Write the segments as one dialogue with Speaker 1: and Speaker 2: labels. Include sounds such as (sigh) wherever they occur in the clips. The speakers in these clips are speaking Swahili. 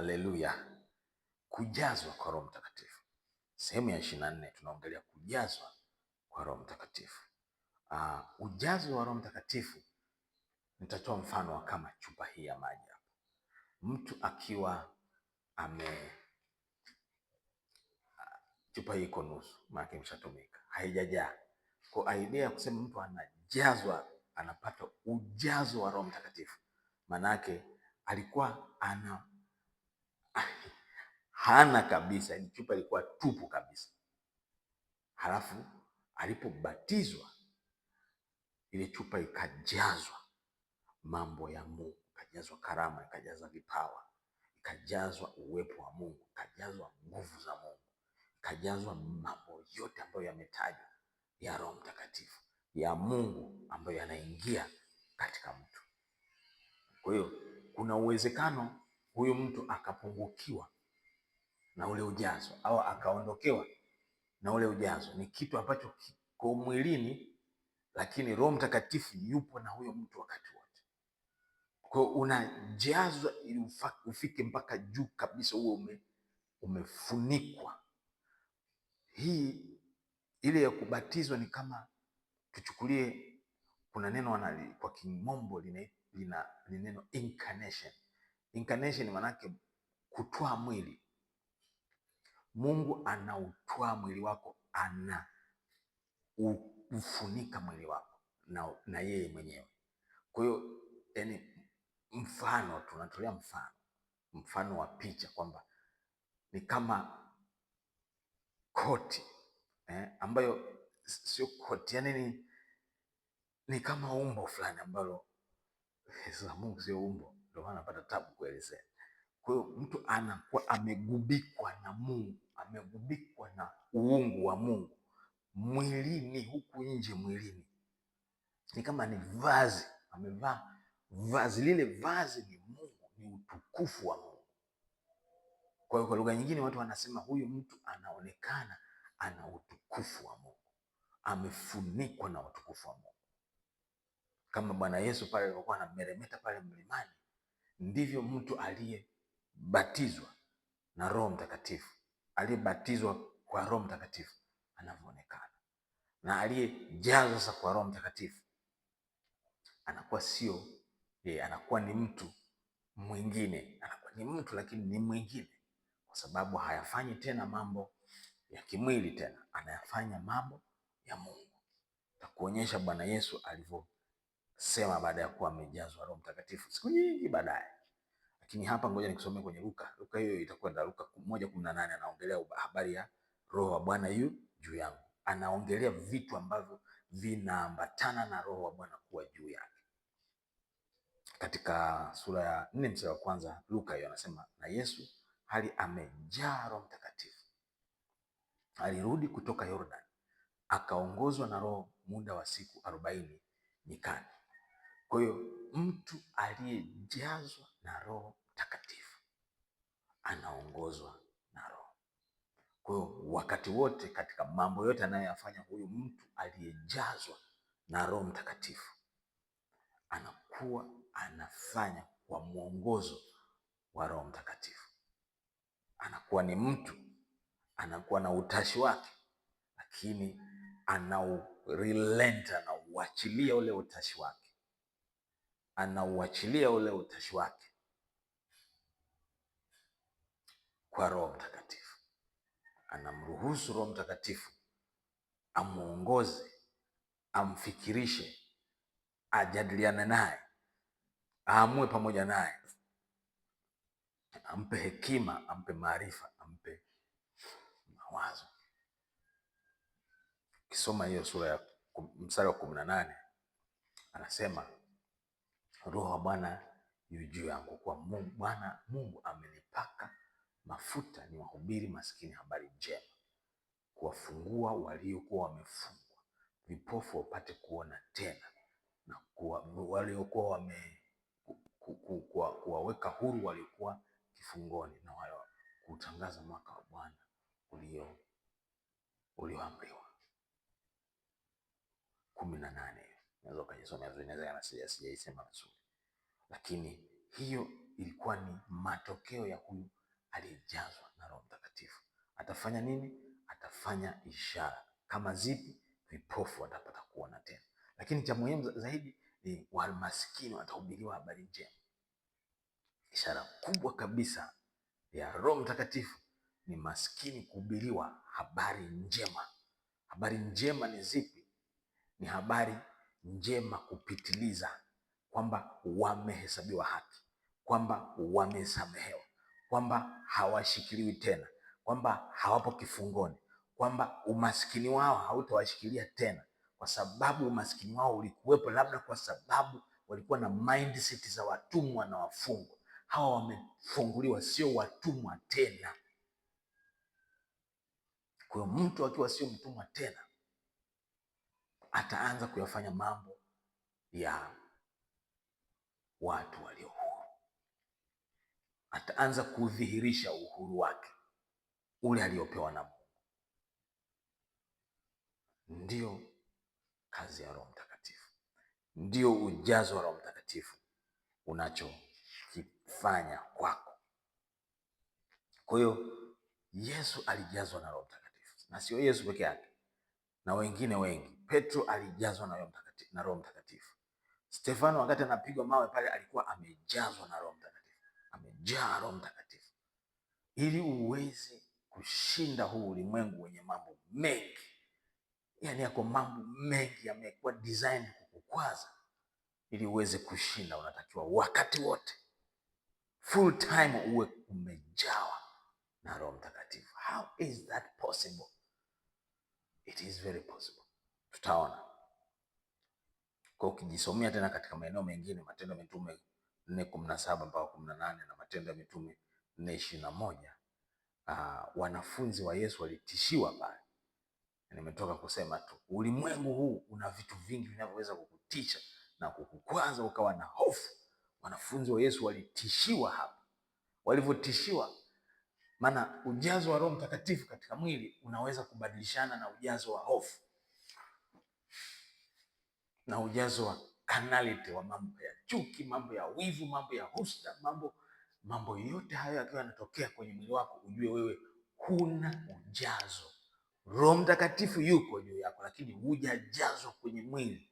Speaker 1: Haleluya! Kujazwa kwa Roho Mtakatifu. Sehemu ya ishirini na nne tunaongelea kujazwa kwa Roho Mtakatifu. Uh, ujazo wa Roho Mtakatifu, nitatoa mfano wa kama chupa hii ya maji hapa, mtu akiwa ame chupa hii iko nusu, maana imeshatumika haijajaa. Kwa idea ya kusema mtu anajazwa, anapata ujazo wa Roho Mtakatifu, maana yake alikuwa ana hana kabisa, ni chupa ilikuwa tupu kabisa. Halafu alipobatizwa ile chupa ikajazwa mambo ya Mungu, ikajazwa karama, ikajazwa vipawa, ikajazwa uwepo wa Mungu, ikajazwa nguvu za Mungu, ikajazwa mambo yote ambayo yametajwa ya Roho Mtakatifu ya Mungu ambayo yanaingia katika mtu. Kwa hiyo kuna uwezekano huyu mtu akapungukiwa na ule ujazo au akaondokewa na ule ujazo. Ni kitu ambacho kiko mwilini, lakini Roho Mtakatifu yupo na huyo mtu wakati wote. Kwa hiyo unajazwa ili ufike mpaka juu kabisa, huo ume, umefunikwa. Hii ile ya kubatizwa ni kama tuchukulie, kuna neno wanali, kwa kimombo lina, lina, lina, neno incarnation. Incarnation maanake kutwaa mwili Mungu anautwaa mwili wako, anaufunika mwili wako na, na yeye mwenyewe. Kwa hiyo yani, mfano tunatolea mfano, mfano wa picha kwamba ni kama koti eh, ambayo sio koti yani ni, ni kama umbo fulani ambalo (laughs) za Mungu sio umbo, ndio maana napata tabu kuelezea. Kwa hiyo mtu anakuwa amegubikwa na Mungu, amegubikwa na uungu wa Mungu mwilini, huku nje mwilini, ni kama ni vazi amevaa vazi lile, vazi ni Mungu, ni utukufu wa Mungu. Kwa hiyo kwa lugha nyingine watu wanasema huyu mtu anaonekana ana utukufu wa Mungu, amefunikwa na utukufu wa Mungu. Kama Bwana Yesu pale alikuwa anameremeta pale mlimani, ndivyo mtu aliye aliyebatizwa na Roho Mtakatifu, aliyebatizwa kwa Roho Mtakatifu anavyoonekana na aliyejazwa sasa kwa Roho Mtakatifu anakuwa sio ye, anakuwa ni mtu mwingine, anakuwa ni mtu lakini ni mwingine, kwa sababu hayafanyi tena mambo ya kimwili, tena anayafanya mambo ya Mungu. Takuonyesha Bwana Yesu alivyosema baada ya kuwa amejazwa Roho Mtakatifu siku nyingi baadaye. Lakini hapa ngoja nikusomee kwenye Luka. Luka hiyo itakuwa ndio Luka 1:18 anaongelea habari ya roho wa Bwana yu juu yangu. Anaongelea vitu ambavyo vinaambatana na roho wa Bwana kuwa juu yake. Katika sura ya 4 mstari wa kwanza Luka hiyo anasema na Yesu hali amejaa Roho Mtakatifu alirudi kutoka Yordan akaongozwa na Roho muda wa siku arobaini nyikani. Kwa hiyo mtu aliyejazwa na Roho Mtakatifu, anaongozwa na Roho. Kwa hiyo wakati wote katika mambo yote anayoyafanya huyu mtu aliyejazwa na Roho Mtakatifu anakuwa anafanya kwa mwongozo wa Roho Mtakatifu, anakuwa ni mtu, anakuwa na utashi wake, lakini anaurelent, anauachilia ule utashi wake, anauachilia ule utashi wake kwa Roho Mtakatifu, anamruhusu Roho Mtakatifu amuongoze, amfikirishe, ajadiliane naye, aamue pamoja naye, ampe hekima, ampe maarifa, ampe mawazo. Ukisoma hiyo sura ya mstari wa kumi na nane anasema Roho wa Bwana yu juu yangu, kwa Bwana Mungu, Mungu amenipaka mafuta ni wahubiri maskini habari njema, kuwafungua waliokuwa wamefungwa, vipofu wapate kuona tena, na waliokuwa wame kuwaweka huru waliokuwa kifungoni, na wale kutangaza mwaka wa Bwana ulio ulioamriwa. kumi na nane naweza ukajisomea vizuri, naweza sijaisema vizuri, lakini hiyo ilikuwa ni matokeo ya huyu aliyejazwa na Roho Mtakatifu. Atafanya nini? Atafanya ishara. Kama zipi? Vipofu watapata kuona tena, lakini cha muhimu zaidi ni wamaskini watahubiriwa habari njema. Ishara kubwa kabisa ya Roho Mtakatifu ni maskini kuhubiriwa habari njema. Habari njema ni zipi? Ni habari njema kupitiliza, kwamba wamehesabiwa haki, kwamba wamesamehewa, kwamba hawashikiliwi tena, kwamba hawapo kifungoni, kwamba umaskini wao hautawashikilia tena, kwa sababu umaskini wao ulikuwepo labda kwa sababu walikuwa na mindset za watumwa na wafungwa. Hawa wamefunguliwa, sio watumwa tena. Kwa hiyo mtu akiwa sio mtumwa tena ataanza kuyafanya mambo ya watu walio huru ataanza kudhihirisha uhuru wake ule aliopewa na Mungu. ndio kazi ya Roho Mtakatifu, ndio ujazo wa Roho Mtakatifu unachokifanya kwako. Kwa hiyo Yesu alijazwa na Roho Mtakatifu, na sio Yesu peke yake, na wengine wengi. Petro alijazwa na Roho Mtakatifu. Stefano wakati anapigwa mawe pale alikuwa amejazwa na Roho Mtakatifu jaa Roho Mtakatifu ili uweze kushinda huu ulimwengu wenye mambo mengi. Yani yako mambo mengi yamekuwa designed kukukwaza, ili uweze kushinda, unatakiwa wakati wote full time uwe umejawa na Roho Mtakatifu. How is that possible? It is very possible. Tutaona kwa ukijisomea tena katika maeneo mengine Matendo ya Mitume nne kumi na saba mpaka kumi na nane na Matendo ya Mitume nne ishirini na moja uh, wanafunzi wa Yesu walitishiwa pale. Nimetoka kusema tu ulimwengu huu una vitu vingi vinavyoweza kukutisha na kukukwaza ukawa na hofu. Wanafunzi wa Yesu walitishiwa hapa, walivyotishiwa maana ujazo wa Roho Mtakatifu katika mwili unaweza kubadilishana na ujazo wa hofu na ujazo wa kanalete wa mambo ya chuki, mambo ya wivu, mambo ya husta, mambo mambo yote hayo yakiwa yanatokea kwenye mwili wako, ujue wewe huna ujazo. Roho Mtakatifu yuko juu yako, lakini hujajazwa kwenye mwili,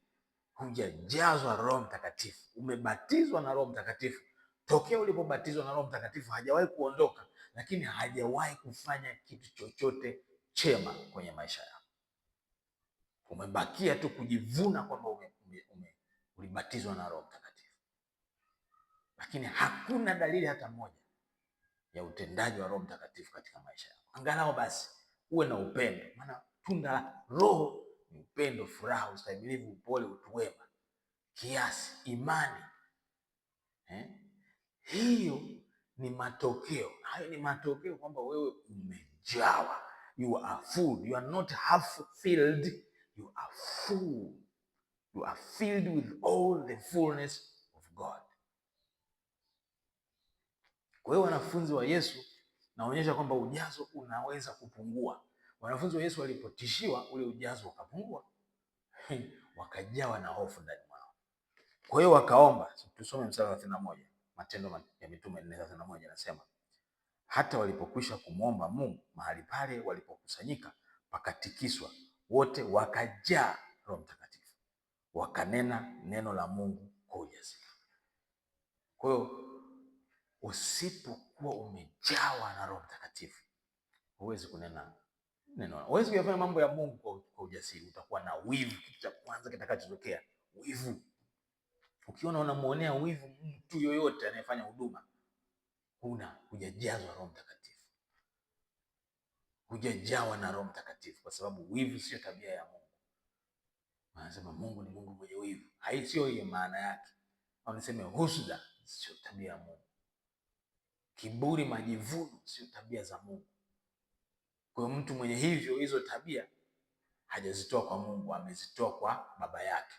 Speaker 1: hujajazwa Roho Mtakatifu. Umebatizwa na Roho Mtakatifu tokea ulipobatizwa na Roho Mtakatifu, hajawahi kuondoka, lakini hajawahi kufanya kitu chochote chema kwenye maisha yako. Umebakia tu kujivuna kwamba ume ulibatizwa na Roho Mtakatifu, lakini hakuna dalili hata moja ya utendaji wa Roho Mtakatifu katika maisha yako. Angalau basi uwe na upendo, maana tunda la Roho ni upendo, furaha, ustahimilivu, upole, utu wema, kiasi, imani eh? Hiyo ni matokeo, hayo ni matokeo kwamba wewe umejawa. You are full. You are not half filled, you are full. You are filled with all the fullness of God. Kwa hiyo wanafunzi wa Yesu naonyesha kwamba ujazo unaweza kupungua. Wanafunzi wa Yesu walipotishiwa ule ujazo ukapungua, (laughs) wakajawa na hofu ndani mwao. Kwa hiyo wakaomba. Tusome mstari wa 31, Matendo ya Mitume 4:31 anasema, hata walipokwisha kumwomba Mungu, mahali pale walipokusanyika pakatikiswa, wote wakajaa Roho Mtakatifu wakanena neno la Mungu kwa ujasiri. Kwa hiyo usipokuwa umejawa na Roho Mtakatifu huwezi kunena neno, huwezi kuyafanya mambo ya Mungu kwa ujasiri. Utakuwa na wivu. Kitu cha kwanza kitakachotokea wivu. Ukiona unamuonea wivu mtu yoyote anayefanya huduma, huna hujajazwa Roho Mtakatifu, hujajawa na Roho Mtakatifu, kwa sababu wivu sio tabia ya Mungu. Wanasema Mungu ni Mungu mwenye wivu. Hai, sio hiyo maana yake. Wanasema husda sio tabia ya Mungu. Kiburi, majivuno sio tabia za Mungu. Kwa mtu mwenye hivyo hizo tabia hajazitoa kwa Mungu, amezitoa kwa baba yake.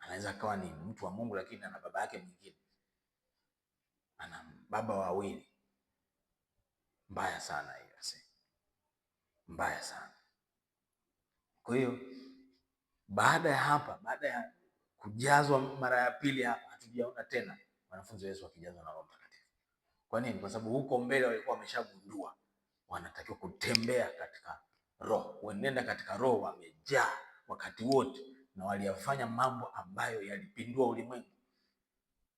Speaker 1: Anaweza akawa ni mtu wa Mungu lakini ana baba yake mwingine, ana baba wawili. Mbaya sana hiyo, mbaya sana. Kwa hiyo baada ya hapa, baada ya kujazwa mara ya pili hapa, hatujaona tena wanafunzi wa Yesu wakijazwa na Roho Mtakatifu. Kwa nini? Kwa sababu huko mbele walikuwa wameshagundua wanatakiwa kutembea katika Roho, wanenda katika Roho, wamejaa wakati wote, na waliyafanya mambo ambayo yalipindua ulimwengu,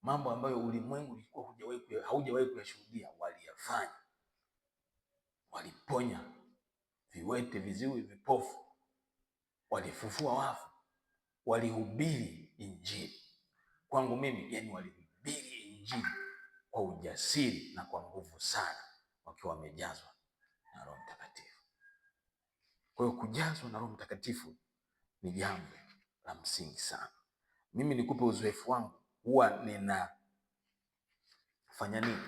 Speaker 1: mambo ambayo ulimwengu ulikuwa hujawahi haujawahi kuyashuhudia, waliyafanya, waliponya viwete, viziwi, vipofu walifufua wafu, walihubiri Injili. Kwangu mimi, yani walihubiri Injili kwa ujasiri na kwa nguvu sana, wakiwa wamejazwa na Roho Mtakatifu. Kwa hiyo kujazwa na Roho Mtakatifu ni jambo la msingi sana. Mimi nikupe uzoefu wangu, huwa ninafanya nini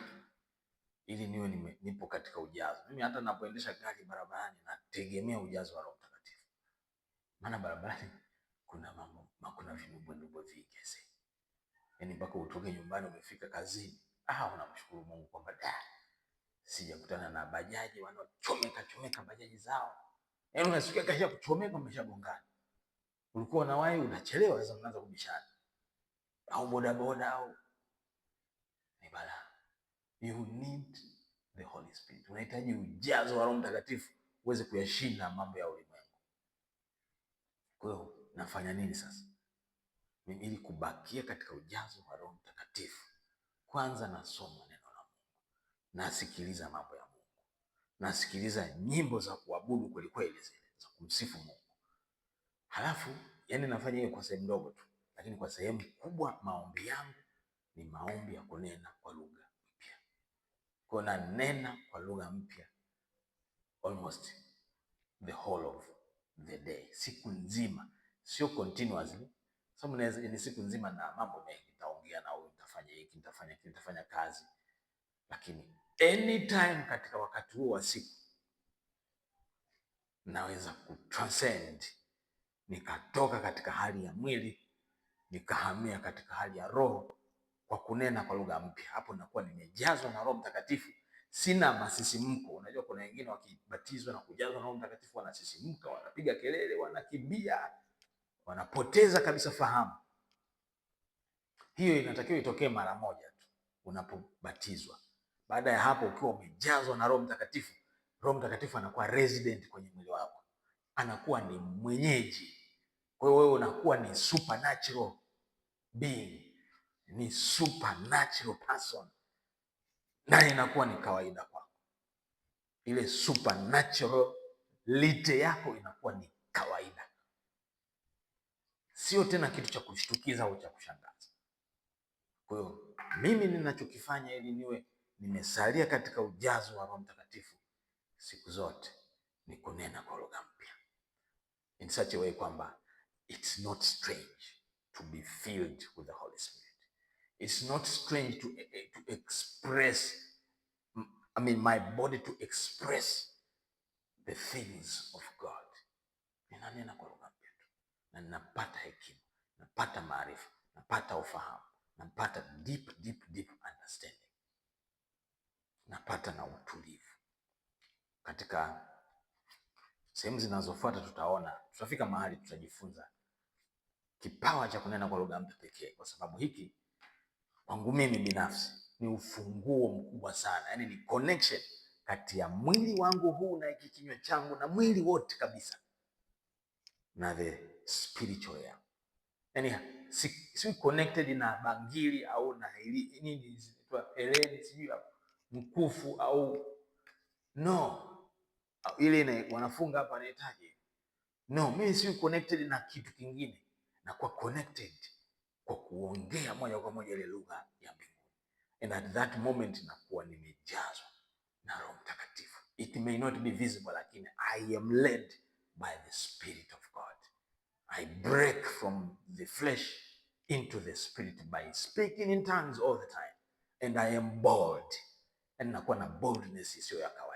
Speaker 1: ili niwe nipo katika ujazo? Mimi hata napoendesha gari barabarani nategemea ujazo wa Roho maana barabarani kuna mambo kuna vinumbwenubwe vingi aisee, yaani mpaka utoke nyumbani umefika kazini, ah, unamshukuru Mungu kwamba da, sijakutana na bajaji wanaochomeka chomeka bajaji zao, yaani unasikia kaisha kuchomeka, umeshagongana. Ulikuwa na unawahi, unachelewa, sasa mnaanza kubishana, au boda boda au ni bala. You need the Holy Spirit, unahitaji ujazo wa Roho Mtakatifu uweze kuyashinda mambo ya nafanya nini sasa mimi ili kubakia katika ujazo wa Roho Mtakatifu? Kwanza nasoma neno la Mungu, nasikiliza mambo ya Mungu, nasikiliza nyimbo za kuabudu kweli kweli, zile za kumsifu Mungu. Halafu yani nafanya hiyo kwa sehemu ndogo tu, lakini kwa sehemu kubwa maombi yangu ni maombi ya kunena kwa lugha mpya. Kwa nena kwa lugha mpya almost the whole of the day, siku nzima sio continuously, So mnaweza ni siku nzima na mambo mengi, nitaongea na huyu, nitafanya hiki, nitafanya kile, nitafanya kazi, lakini anytime katika wakati huo wa siku naweza ku transcend nikatoka katika hali ya mwili nikahamia katika hali ya roho kwa kunena kwa lugha mpya. Hapo nakuwa nimejazwa na Roho Mtakatifu, sina masisimko. Unajua, kuna wengine wakibatizwa na kujazwa na Roho Mtakatifu wanasisimka, wanapiga kelele, wanakimbia wanapoteza kabisa fahamu. Hiyo inatakiwa itokee mara moja tu unapobatizwa. Baada ya hapo, ukiwa umejazwa na Roho Mtakatifu, Roho Mtakatifu anakuwa resident kwenye mwili wako, anakuwa ni mwenyeji. Kwa hiyo wewe unakuwa ni supernatural being, ni supernatural person, na inakuwa ni kawaida kwako. Ile supernatural lite yako inakuwa ni kawaida sio tena kitu cha kushtukiza au cha kushangaza. Kwa hiyo mimi ninachokifanya ili niwe nimesalia katika ujazo wa Roho Mtakatifu siku zote ni kunena kwa lugha mpya in such a way kwamba it's not strange to be filled with the Holy Spirit. It's not strange to, eh, eh, to express I mean my body to express the things of God. Ninanena kwa lugha na ninapata hekima, napata maarifa, napata ufahamu, napata deep, deep, deep understanding, napata na utulivu. Katika sehemu zinazofuata tutaona, tutafika mahali tutajifunza kipawa cha kunena kwa lugha mpya pekee, kwa sababu hiki kwangu mimi binafsi ni ufunguo mkubwa sana, yaani ni connection kati ya mwili wangu huu na hiki kinywa changu na mwili wote kabisa na the spiritual yani, si, si connected na bangili au na hili, nini zinaitwa heleni sijui mkufu au no ile na wanafunga hapa anahitaji no, mimi si connected na kitu kingine, na kwa connected kwa kuongea moja kwa moja ile lugha ya mbinguni, and at that moment nakuwa nimejazwa na Roho Mtakatifu. It may not be visible, lakini I am led by the spirit of I break from the flesh into the spirit by speaking in tongues all the time and I am bold, nakuwa na boldness isiyo ya kawaida.